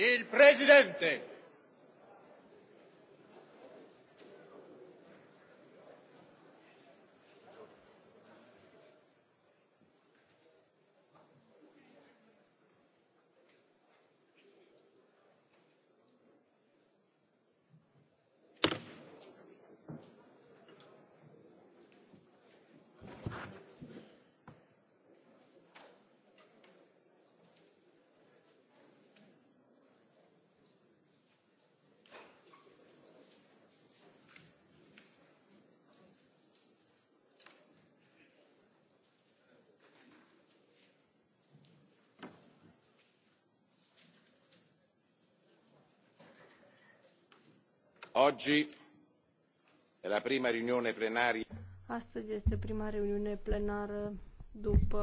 Il Presidente! astăzi este prima reuniune plenară după